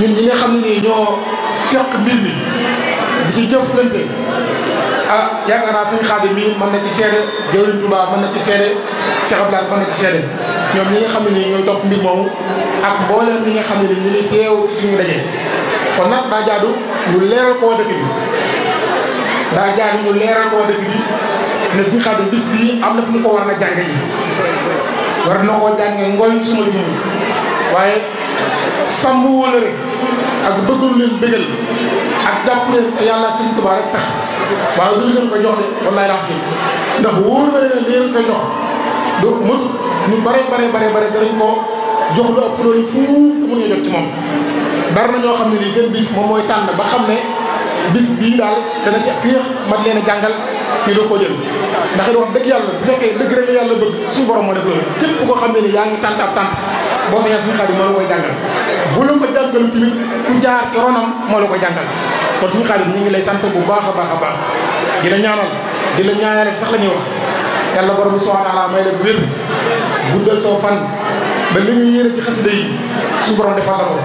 ñun ñi nga xam ne nii ñoo seq mbir mi di ci jëflante ah yaakaar naa sëñ Xaadim mii mën na ci seede jawriñ Tuubaa mën na ci seede Cheikh Abdoulaye mën na ci seede ñoom ñi nga xam ne nii ñooy topp mbir moomu ak mboole ñi nga xam ne nii ñu ngi teew suñu daje kon nag daa jaadu ñu leeral ko dëkk bi daa jaadu ñu leeral ko waa dëkk bi ne sëñ Xaadim bis bii am na fu mu ko war na jànge ji war na jànge ngooñ suma juum waaye sàmm wóolëre ak bëggul leen bëggal ak jàpp leen yàlla ak sëñ Tuubaa rek tax waaye du ngeen ko jox de wallaay laa si ndax wóor na leen li ngeen ko jox du mut ñu bare fuuf mu ñu jot ci moom bari na ñoo xam ne nii seen bis moom mooy tànn ba xam ne bis bii daal dana féex mat leen a jàngal fii la ko jël ndax it wax dëgg yàlla bu fekkee dëgg rek yàlla bëgg suñu borom moo def loolu képp koo xam ne ni yaa ngi tànt ab tànt boo sañal suñu xaadim moo koy jàngal bu la ko jàngal tamit ku jaar moo la ko jàngal kon suñu xaadim ñu ngi lay sant bu baax a baax a baax di la ñaanal di la ñaanal sax la ñuy wax yàlla borom bi subhaanahu wa taala may la wér guddal ba li nga yéene ci xasida yi suñu borom defal la ko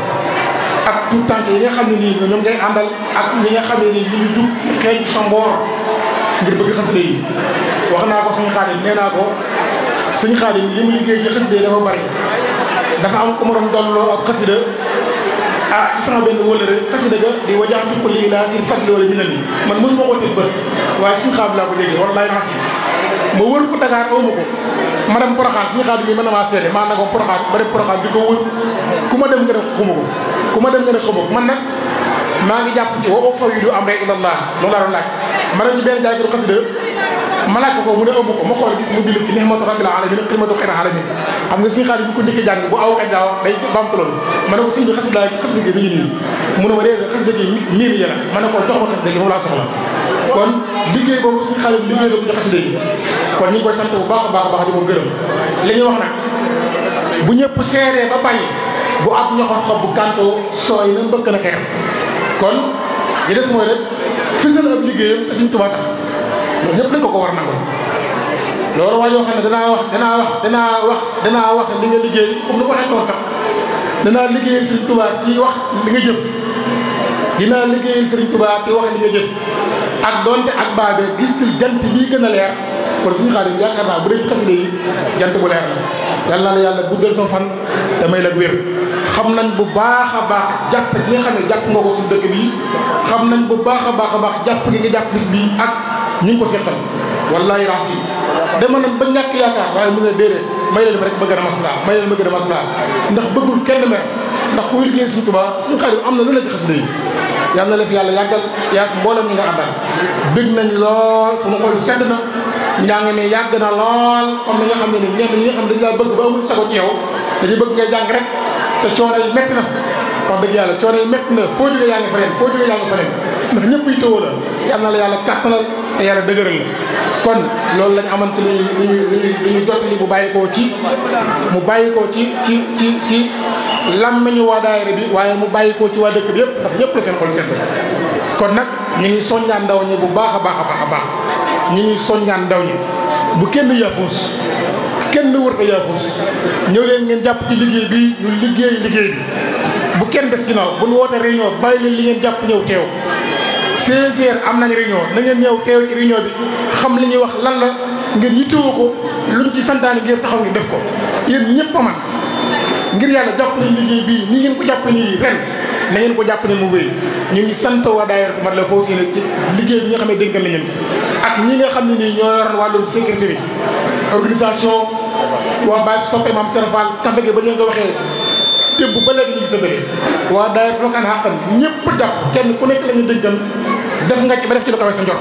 ak tout tànk yi nga xam ne nii ñoom ngay àndal ak ñi nga xam ne nii ñu ngi dugg xeeñ sa mboor ngir bëgg xasida yi wax naa ko suñu xaadim nee naa ko suñu xaadim li mu liggéey ci xasida yi dafa bari dafa am ku ma doon dolloo ak xasida ah sama benn wëlëre xasida di wajax bi ko lii laa si fàttali wala mi na ni man mosuma ko tëj bët waaye suñu xaadim laa ko déggee wallaay naa si ma wër ko Dakar aw ma ko ma dem Poroxaan bi ko ma dem wër ku ma dem nga ne ku ma dem nga man nag maa ngi jàpp wa far yu du am rek ilallah loolu laa doon laaj ma ñu benn jaaykatu xasida ma laaj ko mu ne ëmb ko ma xool gis mu bind ci nihmatu rabbil alamin ak xidmatu xayri alamin xam nga bu aw ak daaw ma ne ko suñ bi xasida xasida gi mi ngi nii mu ne ma dee xasida mii mi yàlla ma ne ko jox ma bu baax a baax a baax di ko gërëm li ñuy bu ñëpp seeree ba bàyyi bu ab ñoxor xob bu kàntoo sooy na mbëkk na xeer kon li des mooy rek fësal ab liggéeyam te suñ Tuubaa tax loolu ñëpp dañ ko ko war nangul loolu waa yoo xam ne danaa wax danaa wax danaa wax danaa wax li nga liggéey comme ni ko waxee woon sax danaa liggéeyal Sëriñ Tuubaa ci wax li nga jëf dinaa liggéeyal Sëriñ Tuubaa ci wax li nga jëf ak donte ak baabe gis jant yi gën a leer kon suñu xaalis yaakaar naa bu dee ci xasida yi jant bu leer la yàlla na la yàlla guddal sa fan te may la wér xam nañ bu baax a baax jàpp gi nga xam ne jàpp nga ko suñu dëkk bi xam nañ bu baax a baax a baax jàpp gi nga jàpp bis bii ak ñu ngi ko seqal wallahi raas yi dama nañ ba ñàkk yaakaar waaye mu ne déedéet may leen ma rek ma gën a maslaa may leen ma gën a maslaa ndax bëggul kenn mer ndax kuy liggéey suñu am na lu la ci na la fi yàlla yàggal yàgg mboolem ñi nga àndal bëgg nañ lool sama xol sedd na njàng mi yàgg na lool comme ni nga xam ne ni ñenn ñi nga xam ne dañu laa bëgg ba amul sago ci yow dañuy bëgg ngay jàng rek te coono yi métti na wax dëgg yàlla coono yi métti na foo jógee yaa ngi feneen foo jógee yaa ngi feneen ndax ñëpp yi tëwoo la yal na la yàlla kàttanal te yara dëgëral la kon loolu lañ xamante ni li ñuy li ñuy li ñuy jot li mu bàyyi koo ci mu bàyyi koo ci ci ci ci làmmiñu waa daayira bi waaye mu bàyyi koo ci waa dëkk bi yëpp ndax ñëpp la seen xol sedd kon nag ñu ngi soññaan ndaw ñi bu baax a baax a baax a baax ñu ngi soññaan ndaw ñi bu kenn yafuus kenn wër a yaafus ñëw leen ngeen jàpp ci liggéey bi ñu liggéey liggéey bi bu kenn des ginnaaw bu ñu wootee réunion bàyyi leen li ngeen jàpp ñëw teew 16 heures am nañ réunion na ngeen ñëw teew ci réunion bi xam li ñuy wax lan la ngeen yittewoo ko luñ ci santaane ngir taxaw ñu def ko yéen ñëpp a man ngir yàlla jàpp nañ liggéey bii ni ngeen ko jàpp nii ren na ngeen ko jàpp ne mu wéy ñu ngi sant waa daayira mat la foofu si ne liggéey bi nga xam ne dénk nañ leen ak ñi nga xam ne nii ñoo yoroon wàllum sécurité bi organisation waa Baye soppe maam Serap Fall ba ñu nga waxee démb ba léegi ñu sa bëgg waa daay rokaan xàqan ñëpp jàpp kenn ku nekk la ñu dëjgan def nga ci ba def ci lu kawe sa njot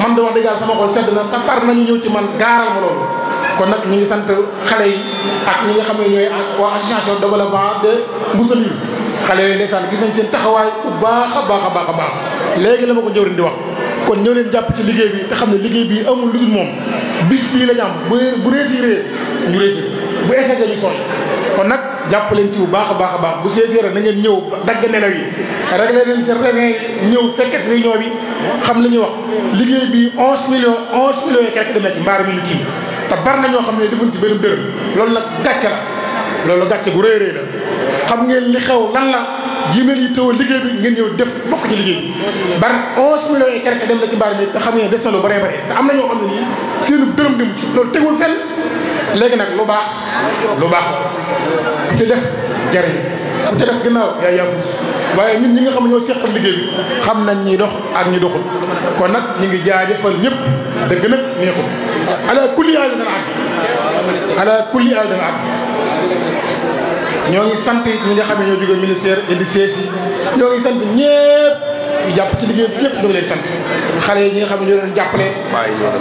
man de wax dëgg yàlla sama xol sedd na tapar nañu ñëw ci man gaaral ma loolu kon nag ñu ngi sant xale yi ak ñi nga xam ne ñooy waa association de développement de Mboussaly xale yooyu ndeysaan gis nañ seen taxawaay bu baax a baax a baax a baax léegi la ma ko jëwriñ di wax kon ñëw jàpp liggéey bi xam ne liggéey bi amul lu dul moom bis bii la bu bu ñu réussir bu échec ñu sonn kon nag jàpp leen ci bu baax a baax a baax bu séeséer na ngeen ñëw dagg nelaw yi réglé leen seen réunion yi ñëw fekkee si réunion bi xam li ñuy wax liggéey bi onze millions onze millions et quelque dem na ci mbaar mi ñu kii ñoo xam ne defuñ ci benn dërëm loolu nag gàcce la loolu gàcce gu rëy rëy xam ngeen li xew lan la jiméen yi tëw liggéey bi ngeen ñëw def bokk ci liggéey bi bari onze millions dem na ci mbaar te xam ngeen des na lu bëree bëri te am na ñoo xam ne nii seen dërëm dem loolu tegul fenn léegi nag lu baax lu baax ku ci def jariñ ku ci def ginnaaw yaa yaafuus waaye ñun ñi nga xam ne ñoo seqal liggéey bi xam nañ ñi dox ak ñi doxul kon nag ñu ngi jaajëfal ñëpp dëgg nag neexul ala kulli aal dana am ala am ñoo ngi sant ñi nga xam ne ñoo jóge ministère indi sees ñoo ngi sant ñëpp yu jàpp ci liggéey bi ñëpp ñoo ngi leen sant xale yi ñi nga xam ne ñoo leen jàppale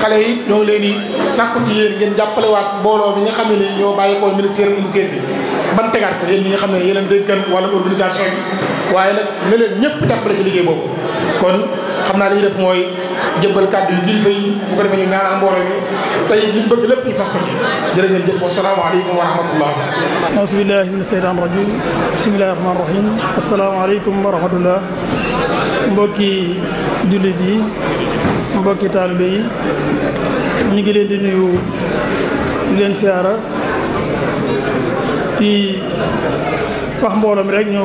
xale yi ñoo ngi leen di sàkku ci yéen ngeen jàppale waat mbooloo bi nga xam ne ni ñoo bàyyi ko ministère ministère si ban tegaat ko yéen ñi nga xam ne yéen leen déggan wàllum organisation bi waaye nag leen ñëpp jàppale ci liggéey boobu kon xam naa li ñuy def mooy jëbbal kàddu yu kilifa yi bu ko defee ñu ñaanal mbooloo mi tey li ñu bëgg lépp ñu fas ko ci jërëjëf wa salaamu aleykum wa rahmatullah auzu billahi mina sheytaan rajim bismillahi rahmaani rahim assalaamu aleykum wa rahmatullah mbokki jullit yi mbokki taalibe yi ñu ngi leen di nuyu di leen siyaara di wax mbooloo rek ñu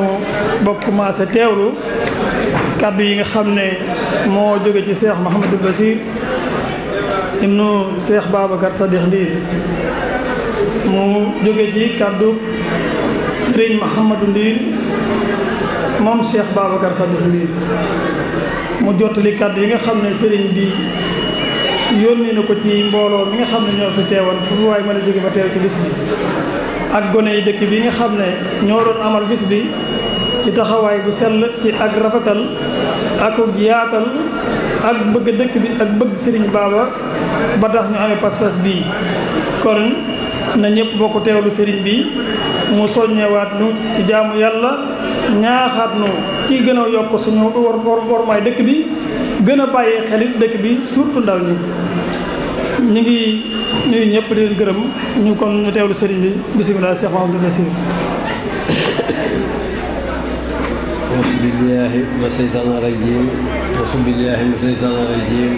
bokk commencé teewlu kàddu yi nga xam ne moo jóge ci Cheikh Mouhamadul Basir ibnu Cheikh Babacar Sadikh Ndir mu jóge ci kàddu Serigne Mouhamadou Ndir moom Cheikh Babacar Sadikh Lô mu jottali kàddu yi nga xam ne sëriñ bi yónnee na ko ci mbooloo mi nga xam ne ñoo fi teewoon fu waaye mën a jóge ba teew ci bis bi ak gone yi dëkk bi nga xam ne ñoo doon amal bis bi ci taxawaay bu sell ci ak rafetal ak yaatal ak bëgg dëkk bi ak bëgg sëriñ baaba ba tax ñu amee pas-pas bii kon na ñëpp bokk teewlu sëriñ bi mu soññewaat lu ci jaamu yàlla ñaaxaat nu ci gën a yokk suñu war war war maay dëkk bi gën a bàyyi xelit dëkk bi surtout ndaw ñi ñu ngi nuyu ñëpp di gërëm ñu kon ñu teewlu sëriñ bi bisimilah Cheikh Mahamadou Nasir bismillahi ma seytaan rajim bismillahi ma seytaan rajim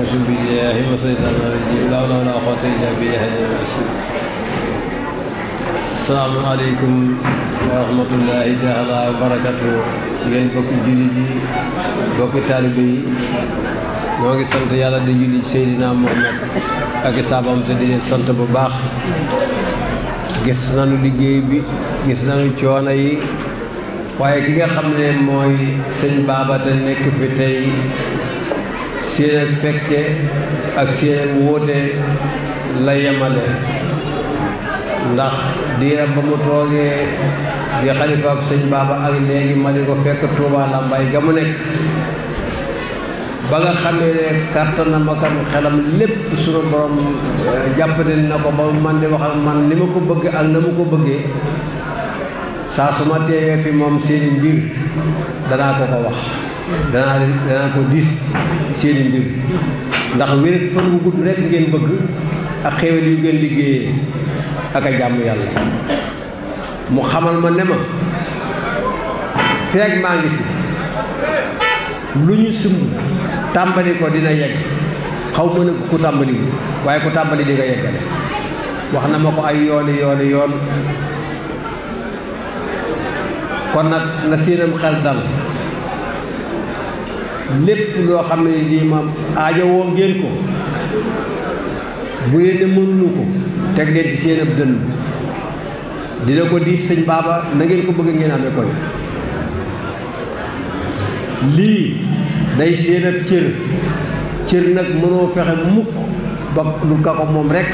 bismillahi ma seytaan rajim laa laa laa xoota illa billahi asalaamaaleykum wa rahmatullahi taala wa barakatu yéen bokki jullit yi bokki taalibe yi ñoo ngi sant yàlla di julli Seydina Muhammad ak saabam di leen sant bu baax gis nañu liggéey bi gis nañu coono yi waaye ki nga xam ne mooy sëñ Baba te nekk fi tey seen ak fekke ak seen ak la yemale ndax diira ba mu toogee di xalifaab sëñ baaba ak léegi ma di ko fekk Tuubaa Lambaay ga mu nekk ba nga xamee ne kàttanam ak xelam lépp suñu borom eh, jàppandil na ko ba man di wax ak man ni ma ko bëgg ak na ma ko bëggee saa su ma teewee fi moom seeni mbir danaa ko ko wax danaa danaa ko diis seeni mbir ndax wér fan wu gudd ngeen bëgg ak xéewal yu ngeen liggéeyee ak a jàmm yàlla mu xamal ma ne ma feeg maa ngi fi lu ñu sumb tàmbali ko dina yegg xaw ma ne ku tàmbali waaye ku tàmbali di nga yeggale wax na ma ko ay yooni yooni yoon kon nag na séenam xel dal lépp loo xam ne lii ma aajo woo ko bu yéene mënulu ko teg leen ci seen dënn dina ko diis sëñ baaba na ko bëgg ngeen amee ko lii day seen ab cër cër nag mënoo fexe mukk ba lu ka ko moom rekk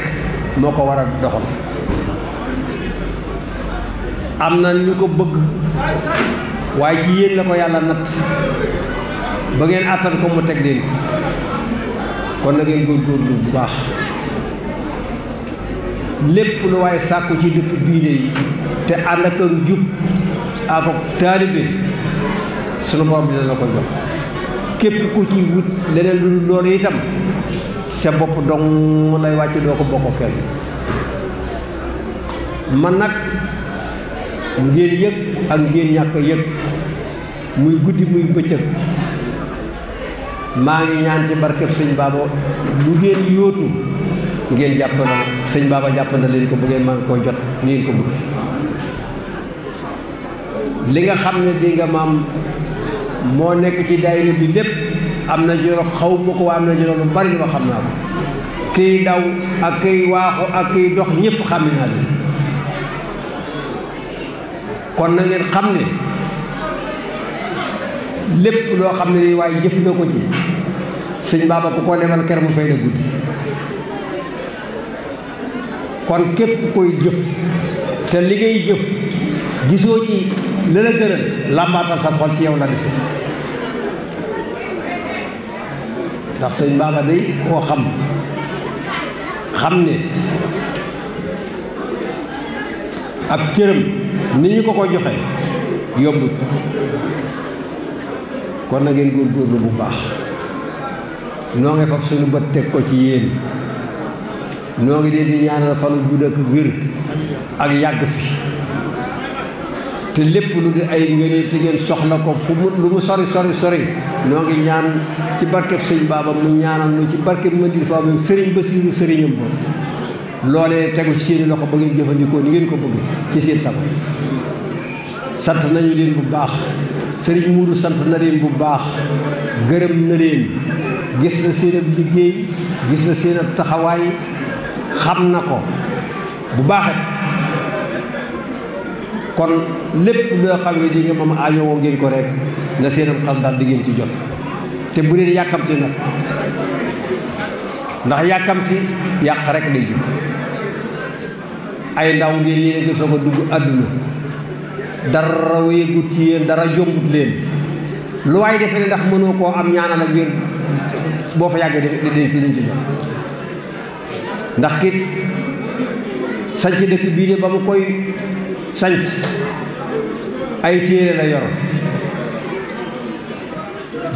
moo ko war a doxal am na ñu ko bëgg waaye ci yéen la ko yàlla natt ba ngeen àttan ko mu teg leen kon na ngeen góorgóorlu bu baax lépp lu waaye sàkku ci dëkk biine yi te ànd ak ak jub ak ak taalibe sunu borom dina la ko jox képp ku ci wut leneen lu dul loolu itam sa bopp dong lay wàcc doo ko bokk kenn man nag ngeen yëg ak ngeen ñàkk yëg muy guddi muy bëccëg maa ngi ñaan ci barkeb sëñ Baaba lu ngeen yóotu ngeen jàppandal sëñ baaba jàppandal leen ko bu ngeen man koo jot ni ko li nga xam ne di nga maam moo nekk ci daayira bi lépp am na joro xaw ma ko waa am na joro lu bari loo xam naa ko kiy daw ak kiy waaxu ak kiy dox ñëpp xam kon na ngeen xam ne lépp loo xam ne nii waaye jëf na ko ci sëñ baaba ku ko lebal ker mu fay na guddi kon képp koy jëf te li ngay jëf gisoo ci la la gënal làmbaatal sa xol ci yaw la dese ndax sëñ Baba day koo xam xam ne ab cëram ni ñu ko ko joxe yombut kon na ngeen góorgóorlu bu baax noo ngi fab suñu bët teg ko ci yéen noo ngi leen di ñaanal bu gudd ak wér ak yàgg fi te lépp lu di ay ngëneel te ngeen soxla ko fu mu lu mu sori sori sori noo ngi ñaan ci barkeb sëñ baaba mu ñaanal nu ci barkeb Mandiel Fall mu sëriñ Basiiru sëriñam ba loolee tegu ci seeni loxo ba ngeen jëfandikoo ni ngeen ko bëgge ci seen sago sant nañu leen bu baax sëriñ Mourou sant na leen bu baax gërëm na leen gis na seen ab liggéey gis na seen ab taxawaay xam na ko bu baaxet kon lépp loo xam ne di nga moom aajowoo ngeen ko rek na seenam xel dal di ngeen ci jot te bu leen yàkkamti nag ndax yàkkamti yàq rek lay jur ay ndaw ngeen yéen a soog a dugg àdduna dara wéegut ci yéen dara jombut leen lu waay defe ne ndax mënoo koo am ñaanal ak wér boo fa yàggee def dinañ ci jot ndax kit sanc dëkk bii de ba mu koy sanc ay téere la yor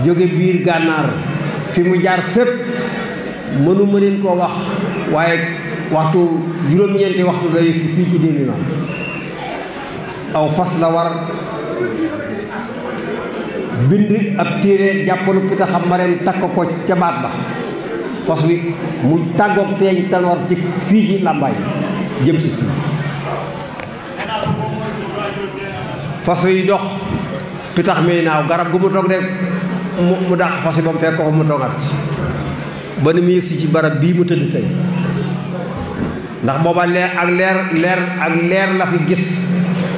jóge biir gànnaar fi mu jaar fépp mënu ma leen koo wax waaye waxtu juróom-ñeenti waxtu la yëg fii ci démbi ma aw fas la war bind ab téere jàppalu pitaxam ma rem takk ko ca baat ba fas wi mu tàggoog teeñ tanoor ci fii ci làmbaay jëm si fii fas wi dox pitax mi naaw garab gu mu toog rek mu mu dàq fas wi ba mu fekk ko mu toogaat ba ni mu yëgsi ci barab bii mu tëdd tey ndax booba leer ak leer leer ak leer la fi gis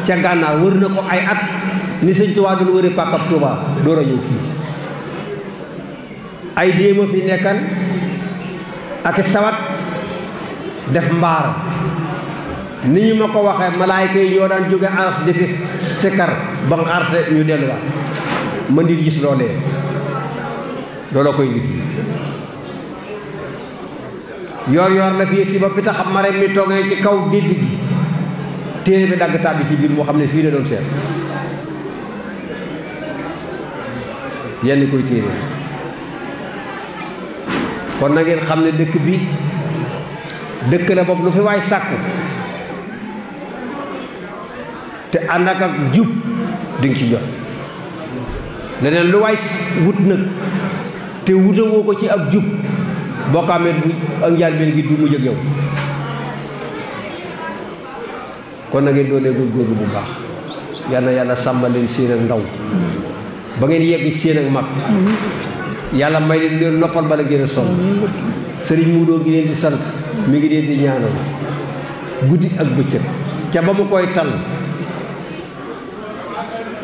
ca gànnaar wër na ko ay at ni sëñ Tuubaa wëri pàkkab Tuubaa door a ñëw fii ay déema fi nekkan ak sawat def mbaar ni ñu ma ko waxee malaayka yi ñoo daan jóge ars di fi sikkar ba nga ars ñu delluwaat ma ndir gis loolee looloo koy gis yoor yoor la fii si ba bi tax mare mi toogee ci kaw gédd gi téere bi dagg bi ci biir moo xam ne fii la doon seet yenn koy téere kon na xam ne dëkk bi dëkk la boobu lu fi waay sàkku te ànd ak ak jub di ci jot leneen lu waay wut nag te wutawoo ko ci ab jub boo ko amee bu ak njëlbéen gi du mu jóg yow kon na ngeen doonee góorgóorlu bu baax yal na yàlla sàmmal leen seen ak ndaw ba ngeen yegg seen ak mag yàlla may leen leen noppal bala gën a sonn sëriñ Moudou gi di sant mu ngi leen di ñaanal guddi ak bëccëg ca ba mu koy tal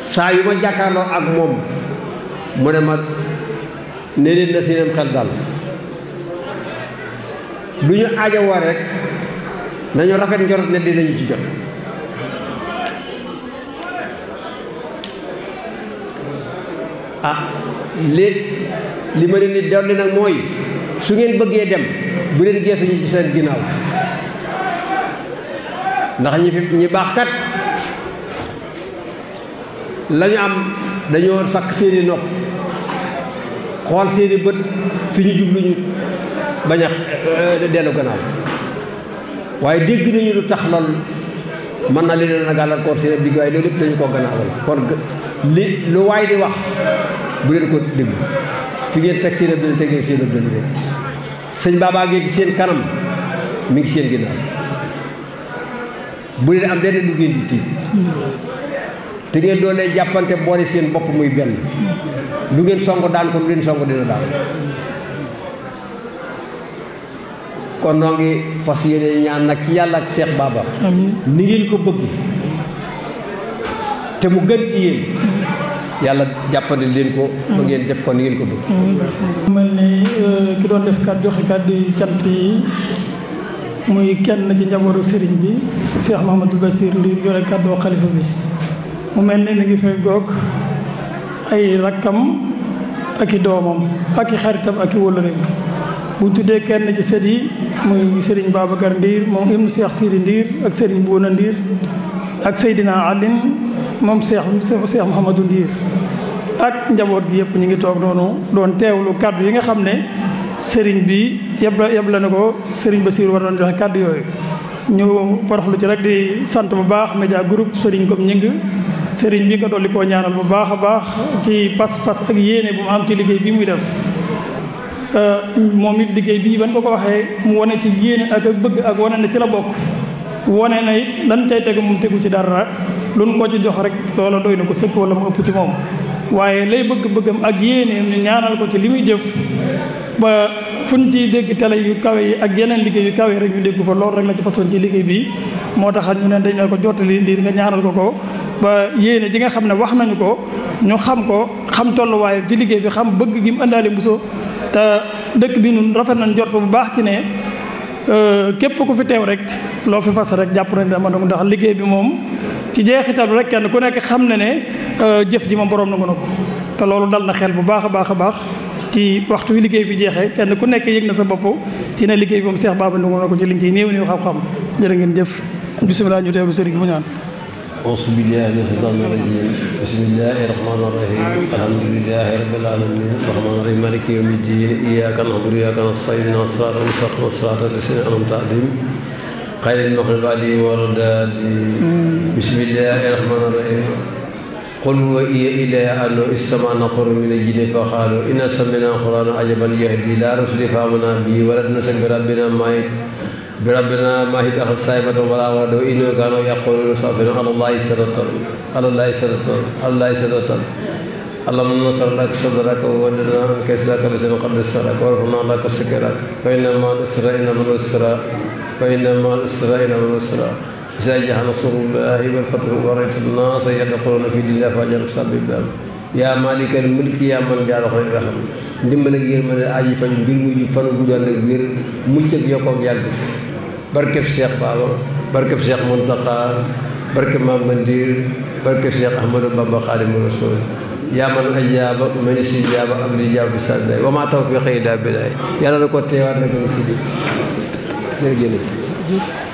saa yu ma jàkkaarloo ak moom mu ne ma ne leen na seenam xel dal du ñu aajowoo rek nañu rafet njorot ne dinañu ci jot ah li li ma leen dolli nag mooy su ngeen bëggee dem bu leen geesu ñi ci seen ginnaaw ndax ñi fi ñi baax kat la am dañoo sakk seeni nopp xool seeni bët fi ñu jublu ñu bañax a euh, dellu gannaaw waaye dégg nañu lu tax lool mën na leen a gàllankoor seen digg waaye loolu lépp dañu koo gannaawal kon li lu waay di wax bu leen ko déglu fi ngeen teg seen ab dana tegee seen ab dana dégg sëñ baabaa ngi ci seen kanam mi ngi seen ginnaaw bu leen am lenn lu ngeen di tiit te ngeen doonee jàppante boole seen bopp muy benn lu ngeen song daan ko lu leen song dina daan kon noo ngi fas yéene ñaan nag ci yàlla ak Seex Baaba ni ngeen ko bëgg te mu gën ci yéen yàlla jàppandi leen ko ba ngeen def ko ni ngeen ko bëgg mel nii euh, ki doon def kat joxe kàddu yi cant yi muy kenn ci njabootu sëriñ bi Cheikh Mahamadou Bassir li yore kàddoo xalifa mu mel ni mi ngi fay goog ay rakkam ak i doomam ak xaritam ak i bu ñu tuddee kenn ci sët yi muy sëriñ Babacar Ndiir moom ibnu Cheikh Siri Ndiir ak sëriñ Bouna Ndiir ak Seydina Aline moom seex seex xamadu Ndiir ak njaboot gi yëpp ñu ngi toog noonu doon teewlu kàddu yi nga xam ne sëriñ bi yëpp la yëpp la ne ko sëriñ ba Bassirou war doon joxe kàddu yooyu. ñu poroxlu ci rek di sant bu baax média group sëriñ Ngom ñing sëriñ bi nga dolli koo ñaanal bu baax a baax ci pas-pas ak yéene bu mu am ci liggéey bi muy def. Euh, moom it liggéey bi ban ko ko waxee mu wane ci yéene ak bëgg ak wane ne ci la bokk. wone na it lan cay tegu moom tegu ci dara luñ ko ci jox rek loola doy na ko sëkk wala mu ëpp ci moom waaye lay bëgg-bëggam ak yéeneem ñu ñaanal ko ci li muy jëf ba fuñ ciy dégg tele yu kawe yi ak yeneen liggéey yu kawe rek ñu déggu fa loolu rek la ci façon ci liggéey bi moo tax ñu ne dañ ne ko jottali ndiir nga ñaanal ko ko ba yéene ji nga xam ne wax nañu ko ñu xam ko xam tolluwaay ci liggéey bi xam bëgg gi mu ëndaale Bousso te dëkk bi nun rafet nañ jort bu baax ci ne Euh, képp ku fi teew rek loo fi fas rek jàpp nañ dama nangu ndax liggéey bi moom ci jeexital bi rek kenn ku nekk xam ne ne euh, jëf ji moom borom nangu na ko te loolu dal na xel bu baax a baax a baax ci waxtu wi liggéey bi jeexee kenn ku nekk yëg na sa bopp ci ne liggéey bi moom Seex Baaba nangu na ko ci liñ ciy néew néew xam-xam jërë ngeen jëf bisimilah ñu teewlu sëriñ bu ñaan أعوذ بالله من الشيطان الرجيم بسم الله الرحمن الرحيم الحمد لله رب العالمين الرحمن الرحيم مالك يوم الدين إياك نعبد وإياك نستعين اهدنا الصراط المستقيم صراط الذين أنعمت عليهم غير المغضوب عليهم ولا الضالين بسم الله الرحمن الرحيم قل وإي إلى أنه استمع نفر من الجن فقالوا إنا سمعنا قرآنا عجبا يهدي إلى رشد فآمنا به ولن نشرك بربنا ما بربنا ما هي تاخذ صائبة ولا ولد وإنه كانوا يقولون صافنا على الله سرطان على الله سرطان على الله سرطان اللهم نصر لك صدرك وولنا عنك اسلك بسم قدر سرك وارفعنا لك سكرك فإن مع الأسرى إن مع الأسرى فإن مع الأسرى إن مع الأسرى إذا جاء نصر الله والفتح ورأيت الناس يدخلون في دين الله فأجر صبيبا yaa maalika mulki yaa man jaaro xol yi raxam ndimbal ak yërmande aji fan mbir mu fan guddal ak wér mucc ak yokk ak yàgg barkeb Cheikh Baba barkeb Cheikh Mountakha barkeb Mame Mandir barkeb Cheikh Ahmadou Bamba Khadimu Rasul yaa man ajaaba man istajaaba am li jaab bi sabila wa maa tawfiiqi illaa billaah yàlla na ko teewaat na ko si bi